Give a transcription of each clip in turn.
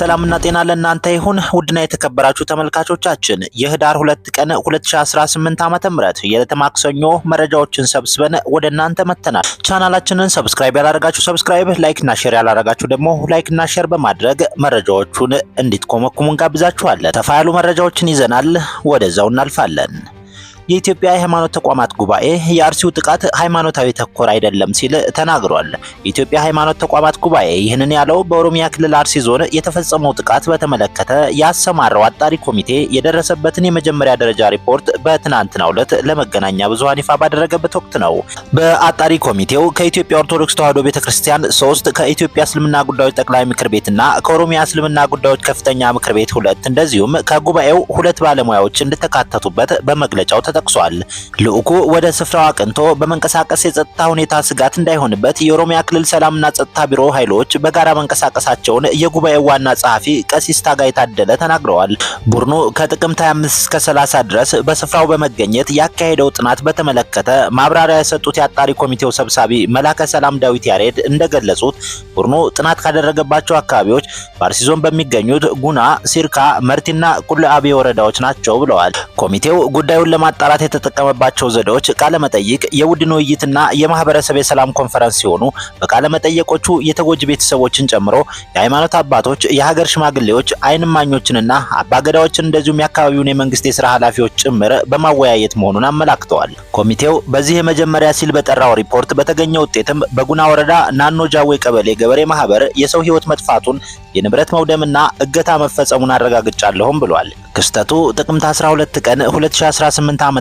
ሰላምና ጤና ለእናንተ ይሁን ውድና የተከበራችሁ ተመልካቾቻችን፣ የህዳር ሁለት ቀን 2018 ዓ.ም የዕለተ ማክሰኞ መረጃዎችን ሰብስበን ወደ እናንተ መተናል። ቻናላችንን ሰብስክራይብ ያላረጋችሁ ሰብስክራይብ፣ ላይክና ሼር ያላረጋችሁ ደግሞ እና ሼር በማድረግ መረጃዎቹን እንዲትኮመኩሙ እንጋብዛችኋለን። ተፋ ያሉ መረጃዎችን ይዘናል። ወደዛው እናልፋለን። የኢትዮጵያ የሃይማኖት ተቋማት ጉባኤ የአርሲው ጥቃት ሃይማኖታዊ ተኮር አይደለም ሲል ተናግሯል። የኢትዮጵያ ሃይማኖት ተቋማት ጉባኤ ይህንን ያለው በኦሮሚያ ክልል አርሲ ዞን የተፈጸመው ጥቃት በተመለከተ ያሰማራው አጣሪ ኮሚቴ የደረሰበትን የመጀመሪያ ደረጃ ሪፖርት በትናንትናው ዕለት ለመገናኛ ብዙሃን ይፋ ባደረገበት ወቅት ነው። በአጣሪ ኮሚቴው ከኢትዮጵያ ኦርቶዶክስ ተዋሕዶ ቤተክርስቲያን ሶስት፣ ከኢትዮጵያ እስልምና ጉዳዮች ጠቅላይ ምክር ቤትና ከኦሮሚያ እስልምና ጉዳዮች ከፍተኛ ምክር ቤት ሁለት እንደዚሁም ከጉባኤው ሁለት ባለሙያዎች እንደተካተቱበት በመግለጫው ተጠቅሷል። ልዑኩ ወደ ስፍራው አቅንቶ በመንቀሳቀስ የጸጥታ ሁኔታ ስጋት እንዳይሆንበት የኦሮሚያ ክልል ሰላምና ጸጥታ ቢሮ ኃይሎች በጋራ መንቀሳቀሳቸውን የጉባኤው ዋና ጸሐፊ ቀሲስ ታጋይ ታደለ ተናግረዋል። ቡድኑ ከጥቅምት 25 እስከ 30 ድረስ በስፍራው በመገኘት ያካሄደው ጥናት በተመለከተ ማብራሪያ የሰጡት የአጣሪ ኮሚቴው ሰብሳቢ መላከ ሰላም ዳዊት ያሬድ እንደገለጹት ቡድኑ ጥናት ካደረገባቸው አካባቢዎች በአርሲ ዞን በሚገኙት ጉና፣ ሲርካ፣ መርቲና ቁልአቤ ወረዳዎች ናቸው ብለዋል። ኮሚቴው ጉዳዩን ለማጣ ለማጣራት የተጠቀመባቸው ዘዴዎች ቃለመጠይቅ፣ የቡድን ውይይትና የማህበረሰብ የሰላም ኮንፈረንስ ሲሆኑ መጠየቆቹ የተጎጂ ቤተሰቦችን ጨምሮ የሃይማኖት አባቶች፣ የሀገር ሽማግሌዎች፣ አይን አባገዳዎችን እንደዚሁም የአካባቢውን የመንግስት የስራ ኃላፊዎች ጭምር በማወያየት መሆኑን አመላክተዋል። ኮሚቴው በዚህ የመጀመሪያ ሲል በጠራው ሪፖርት በተገኘ ውጤትም በጉና ወረዳ ናኖ ጃዌ ቀበሌ ገበሬ ማህበር የሰው ህይወት መጥፋቱን የንብረት መውደምና እገታ መፈጸሙን አረጋግጫለሁም ብሏል። ክስተቱ ጥቅምት 12 ቀን 2018 ዓ.ም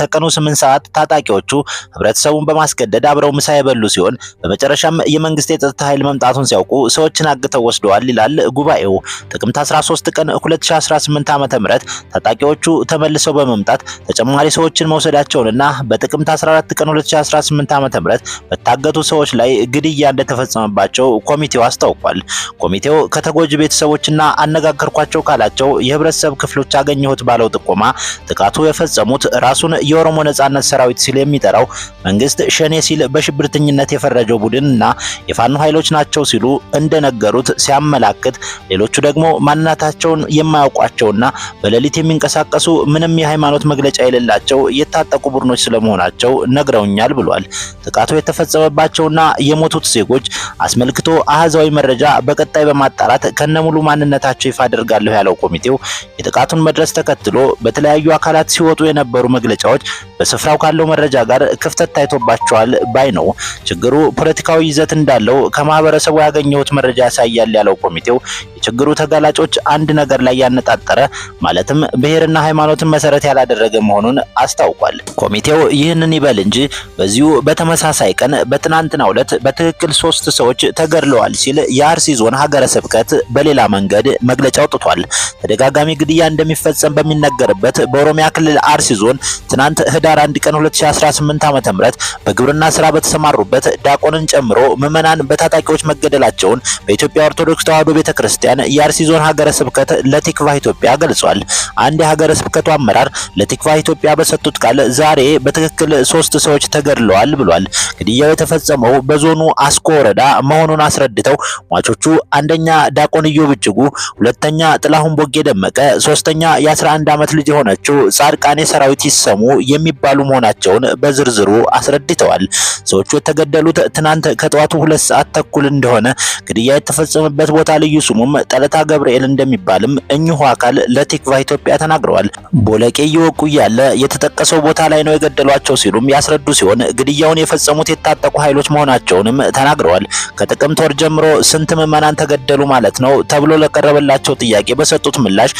ከቀኑ 8 ሰዓት ታጣቂዎቹ ህብረተሰቡን በማስገደድ አብረው ምሳ የበሉ ሲሆን በመጨረሻም የመንግስት የጸጥታ ኃይል መምጣቱን ሲያውቁ ሰዎችን አግተው ወስደዋል ይላል ጉባኤው። ጥቅምት 13 ቀን 2018 ዓ.ም ታጣቂዎቹ ተመልሰው በመምጣት ተጨማሪ ሰዎችን መውሰዳቸውንና በጥቅምት 14 ቀን 2018 ዓ.ም በታገቱ ሰዎች ላይ ግድያ እንደተፈጸመባቸው ኮሚቴው አስታውቋል። ኮሚቴው ከተጎጂ ቤተሰቦችና አነጋገርኳቸው ካላቸው የህብረተሰብ ክፍል ክፍሎች አገኘሁት ባለው ጥቆማ ጥቃቱ የፈጸሙት ራሱን የኦሮሞ ነጻነት ሰራዊት ሲል የሚጠራው መንግስት ሸኔ ሲል በሽብርተኝነት የፈረጀው ቡድን እና የፋኖ ኃይሎች ናቸው ሲሉ እንደነገሩት ሲያመላክት፣ ሌሎቹ ደግሞ ማንነታቸውን የማያውቋቸውና በሌሊት የሚንቀሳቀሱ ምንም የሃይማኖት መግለጫ የሌላቸው የታጠቁ ቡድኖች ስለመሆናቸው ነግረውኛል ብሏል። ጥቃቱ የተፈጸመባቸውና የሞቱት ዜጎች አስመልክቶ አሃዛዊ መረጃ በቀጣይ በማጣራት ከነሙሉ ማንነታቸው ይፋ አድርጋለሁ ያለው ኮሚቴው የጥቃቱ ጥቃቱን መድረስ ተከትሎ በተለያዩ አካላት ሲወጡ የነበሩ መግለጫዎች በስፍራው ካለው መረጃ ጋር ክፍተት ታይቶባቸዋል ባይ ነው። ችግሩ ፖለቲካዊ ይዘት እንዳለው ከማህበረሰቡ ያገኘሁት መረጃ ያሳያል ያለው ኮሚቴው የችግሩ ተጋላጮች አንድ ነገር ላይ ያነጣጠረ ማለትም ብሔርና ሃይማኖትን መሰረት ያላደረገ መሆኑን አስታውቋል። ኮሚቴው ይህንን ይበል እንጂ በዚሁ በተመሳሳይ ቀን በትናንትናው ዕለት በትክክል ሶስት ሰዎች ተገድለዋል ሲል የአርሲ ዞን ሀገረ ስብከት በሌላ መንገድ መግለጫ አውጥቷል። ተደጋጋሚ ግድያ እንደሚፈጸም በሚነገርበት በኦሮሚያ ክልል አርሲ ዞን ትናንት ህዳር 1 ቀን 2018 ዓ.ም ተምረት በግብርና ስራ በተሰማሩበት ዲያቆንን ጨምሮ ምዕመናን በታጣቂዎች መገደላቸውን በኢትዮጵያ ኦርቶዶክስ ተዋሕዶ ቤተክርስቲያን የአርሲ ዞን ሀገረ ስብከት ለቲክቫ ኢትዮጵያ ገልጿል። አንድ የሀገረ ስብከቱ አመራር ለቲክቫ ኢትዮጵያ በሰጡት ቃል ዛሬ በትክክል ሶስት ሰዎች ተገድለዋል ብሏል። ግድያው የተፈጸመው በዞኑ አስኮ ወረዳ መሆኑን አስረድተው ሟቾቹ አንደኛ ዳቆን ኢዮብ እጅጉ፣ ሁለተኛ ጥላሁን ቦጌ ደመቀ፣ ሶስተኛ ሶስተኛ የ11 ዓመት ልጅ የሆነችው ጻድቃኔ ሰራዊት ይሰሙ የሚባሉ መሆናቸውን በዝርዝሩ አስረድተዋል። ሰዎቹ የተገደሉት ትናንት ከጠዋቱ ሁለት ሰዓት ተኩል እንደሆነ ግድያ የተፈጸመበት ቦታ ልዩ ስሙም ጠለታ ገብርኤል እንደሚባልም እኚሁ አካል ለቲክቫ ኢትዮጵያ ተናግረዋል። ቦለቄ እየወቁ እያለ የተጠቀሰው ቦታ ላይ ነው የገደሏቸው ሲሉም ያስረዱ ሲሆን ግድያውን የፈጸሙት የታጠቁ ኃይሎች መሆናቸውንም ተናግረዋል። ከጥቅምት ወር ጀምሮ ስንት ምዕመናን ተገደሉ ማለት ነው ተብሎ ለቀረበላቸው ጥያቄ በሰጡት ምላሽ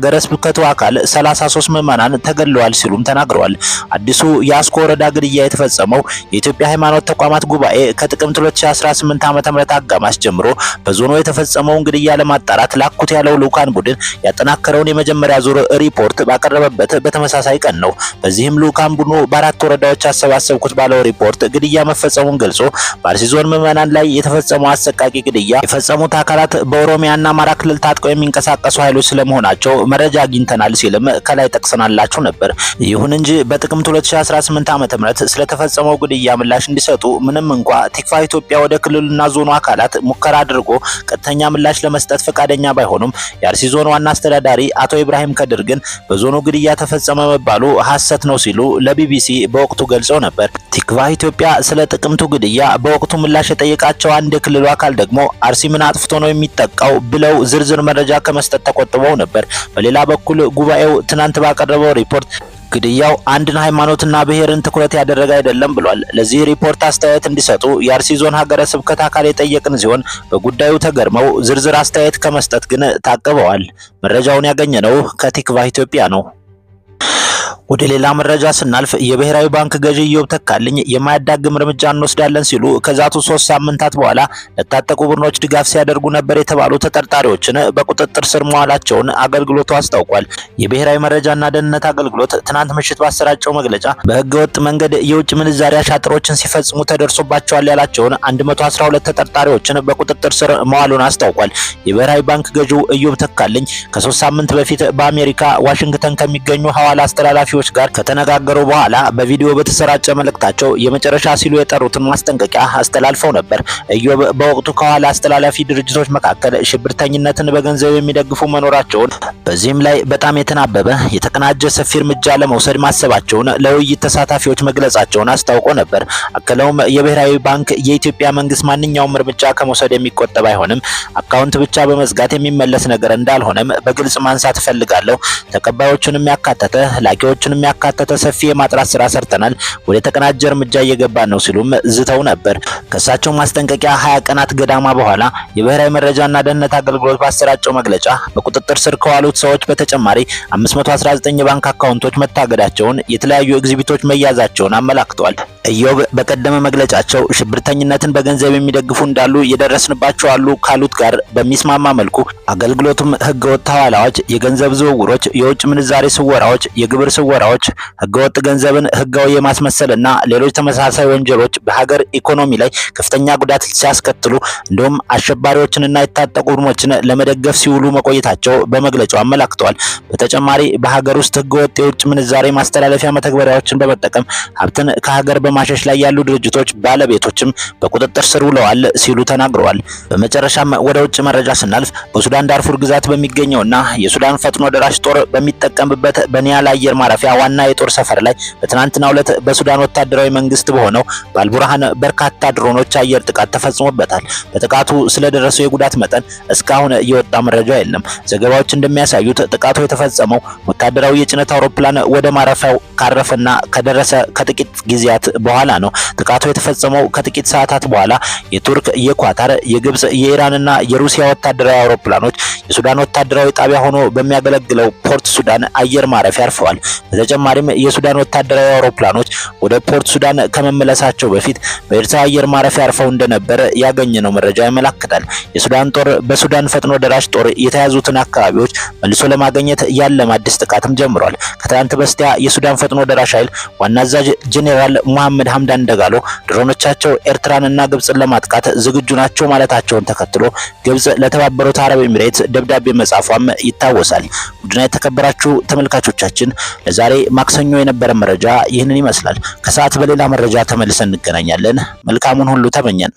የሀገረ ስብከቱ አካል 33 ምዕመናን ተገድለዋል ሲሉም ተናግረዋል። አዲሱ የአስኮ ወረዳ ግድያ የተፈጸመው የኢትዮጵያ ሃይማኖት ተቋማት ጉባኤ ከጥቅምት 2018 ዓ.ም አጋማሽ ጀምሮ በዞኑ የተፈጸመውን ግድያ ለማጣራት ላኩት ያለው ልዑካን ቡድን ያጠናከረውን የመጀመሪያ ዙር ሪፖርት ባቀረበበት በተመሳሳይ ቀን ነው። በዚህም ልዑካን ቡድኑ በአራት ወረዳዎች አሰባሰብኩት ባለው ሪፖርት ግድያ መፈጸሙን ገልጾ በአርሲ ዞን ምዕመናን ላይ የተፈጸመው አሰቃቂ ግድያ የፈጸሙት አካላት በኦሮሚያና አማራ ክልል ታጥቀው የሚንቀሳቀሱ ኃይሎች ስለመሆናቸው መረጃ አግኝተናል ሲልም ከላይ ጠቅሰናላችሁ ነበር። ይሁን እንጂ በጥቅምት 2018 ዓ.ም ስለተፈጸመው ግድያ ምላሽ እንዲሰጡ ምንም እንኳ ቲክፋ ኢትዮጵያ ወደ ክልሉና ዞኑ አካላት ሙከራ አድርጎ ቀጥተኛ ምላሽ ለመስጠት ፈቃደኛ ባይሆኑም የአርሲ ዞን ዋና አስተዳዳሪ አቶ ኢብራሂም ከድር ግን በዞኑ ግድያ ተፈጸመ መባሉ ሐሰት ነው ሲሉ ለቢቢሲ በወቅቱ ገልጸው ነበር። ቲክፋ ኢትዮጵያ ስለ ጥቅምቱ ግድያ በወቅቱ ምላሽ የጠየቃቸው አንድ የክልሉ አካል ደግሞ አርሲ ምን አጥፍቶ ነው የሚጠቃው ብለው ዝርዝር መረጃ ከመስጠት ተቆጥበው ነበር። በሌላ በኩል ጉባኤው ትናንት ባቀረበው ሪፖርት ግድያው አንድን ሃይማኖትና ብሔርን ትኩረት ያደረገ አይደለም ብሏል። ለዚህ ሪፖርት አስተያየት እንዲሰጡ የአርሲ ዞን ሀገረ ስብከት አካል የጠየቅን ሲሆን በጉዳዩ ተገርመው ዝርዝር አስተያየት ከመስጠት ግን ታቅበዋል። መረጃውን ያገኘነው ከቲክቫህ ኢትዮጵያ ነው። ወደ ሌላ መረጃ ስናልፍ የብሔራዊ ባንክ ገዢ ኢዮብ ተካልኝ የማያዳግም እርምጃ እንወስዳለን ሲሉ ከዛቱ ሶስት ሳምንታት በኋላ ለታጠቁ ቡድኖች ድጋፍ ሲያደርጉ ነበር የተባሉ ተጠርጣሪዎችን በቁጥጥር ስር መዋላቸውን አገልግሎቱ አስታውቋል። የብሔራዊ መረጃና ደህንነት አገልግሎት ትናንት ምሽት ባሰራጨው መግለጫ በህገወጥ መንገድ የውጭ ምንዛሪ አሻጥሮችን ሲፈጽሙ ተደርሶባቸዋል ያላቸውን 112 ተጠርጣሪዎችን በቁጥጥር ስር መዋሉን አስታውቋል። የብሔራዊ ባንክ ገዢው ኢዮብ ተካልኝ ከሶስት ሳምንት በፊት በአሜሪካ ዋሽንግተን ከሚገኙ ሐዋሳ ከዋል አስተላላፊዎች ጋር ከተነጋገሩ በኋላ በቪዲዮ በተሰራጨ መልእክታቸው የመጨረሻ ሲሉ የጠሩትን ማስጠንቀቂያ አስተላልፈው ነበር። ኢዮብ በወቅቱ ከዋል አስተላላፊ ድርጅቶች መካከል ሽብርተኝነትን በገንዘብ የሚደግፉ መኖራቸውን በዚህም ላይ በጣም የተናበበ የተቀናጀ ሰፊ እርምጃ ለመውሰድ ማሰባቸውን ለውይይት ተሳታፊዎች መግለጻቸውን አስታውቆ ነበር። አክለውም የብሔራዊ ባንክ የኢትዮጵያ መንግስት ማንኛውም እርምጃ ከመውሰድ የሚቆጠብ አይሆንም፣ አካውንት ብቻ በመዝጋት የሚመለስ ነገር እንዳልሆነም በግልጽ ማንሳት እፈልጋለሁ። ተቀባዮቹንም ያካተተ ላኪዎችንም ያካተተ ሰፊ የማጥራት ስራ ሰርተናል። ወደ ተቀናጀ እርምጃ እየገባን ነው ሲሉም ዝተው ነበር። ከእሳቸው ማስጠንቀቂያ ሀያ ቀናት ገዳማ በኋላ የብሔራዊ መረጃና ደህንነት አገልግሎት ባሰራጨው መግለጫ በቁጥጥር ስር ከዋሉት ሰዎች በተጨማሪ 519 የባንክ አካውንቶች መታገዳቸውን፣ የተለያዩ ኤግዚቢቶች መያዛቸውን አመላክተዋል። ኢዮብ በቀደመ መግለጫቸው ሽብርተኝነትን በገንዘብ የሚደግፉ እንዳሉ የደረስንባቸው አሉ ካሉት ጋር በሚስማማ መልኩ አገልግሎቱም ህገወጥ ሐዋላዎች፣ የገንዘብ ዝውውሮች፣ የውጭ ምንዛሬ ስወራዎች፣ የግብር ስወራዎች፣ ህገወጥ ገንዘብን ህጋዊ የማስመሰልና ሌሎች ተመሳሳይ ወንጀሎች በሀገር ኢኮኖሚ ላይ ከፍተኛ ጉዳት ሲያስከትሉ እንዲሁም አሸባሪዎችንና የታጠቁ ቡድኖችን ለመደገፍ ሲውሉ መቆየታቸው በመግለጫው አመላክተዋል። በተጨማሪ በሀገር ውስጥ ህገወጥ የውጭ ምንዛሬ ማስተላለፊያ መተግበሪያዎችን በመጠቀም ሀብትን ከሀገር በማሸሽ ላይ ያሉ ድርጅቶች ባለቤቶችም በቁጥጥር ስር ውለዋል ሲሉ ተናግረዋል። በመጨረሻም ወደ ውጭ መረጃ ስናልፍ በሱዳን ዳርፉር ግዛት በሚገኘውና የሱዳን ፈጥኖ ደራሽ ጦር በሚጠቀምበት በኒያላ አየር ማረፊያ ዋና የጦር ሰፈር ላይ በትናንትናው ዕለት በሱዳን ወታደራዊ መንግስት በሆነው ባልቡርሃን በርካታ ድሮኖች አየር ጥቃት ተፈጽሞበታል። በጥቃቱ ስለደረሰው የጉዳት መጠን እስካሁን የወጣ መረጃ የለም። ዘገባዎች እንደሚያሳዩት ጥቃቱ የተፈጸመው ወታደራዊ የጭነት አውሮፕላን ወደ ማረፊያው ካረፈና ከደረሰ ከጥቂት ጊዜያት በኋላ ነው። ጥቃቱ የተፈጸመው ከጥቂት ሰዓታት በኋላ የቱርክ፣ የኳታር፣ የግብጽ፣ የኢራንና የሩሲያ ወታደራዊ አውሮፕላኖች የሱዳን ወታደራዊ ጣቢያ ሆኖ በሚያገለግለው ፖርት ሱዳን አየር ማረፊያ አርፈዋል። በተጨማሪም የሱዳን ወታደራዊ አውሮፕላኖች ወደ ፖርት ሱዳን ከመመለሳቸው በፊት በኤርትራ አየር ማረፊያ አርፈው እንደነበር ያገኘነው መረጃ ያመላክታል። የሱዳን ጦር በሱዳን ፈጥኖ ደራሽ ጦር የተያዙትን አካባቢዎች መልሶ ለማግኘት ያለም አዲስ ጥቃትም ጀምሯል። ከትናንት በስቲያ የሱዳን ፈጥኖ ደራሽ ኃይል ዋና አዛዥ ጄኔራል ሙሐመድ መሐመድ ሀምዳን ደጋሎ ድሮኖቻቸው ኤርትራንና ግብፅን ለማጥቃት ዝግጁ ናቸው ማለታቸውን ተከትሎ ግብፅ ለተባበሩት አረብ ኤሚሬት ደብዳቤ መጻፏም ይታወሳል። ቡድና የተከበራችሁ ተመልካቾቻችን ለዛሬ ማክሰኞ የነበረ መረጃ ይህንን ይመስላል። ከሰዓት በሌላ መረጃ ተመልሰን እንገናኛለን። መልካሙን ሁሉ ተመኘን።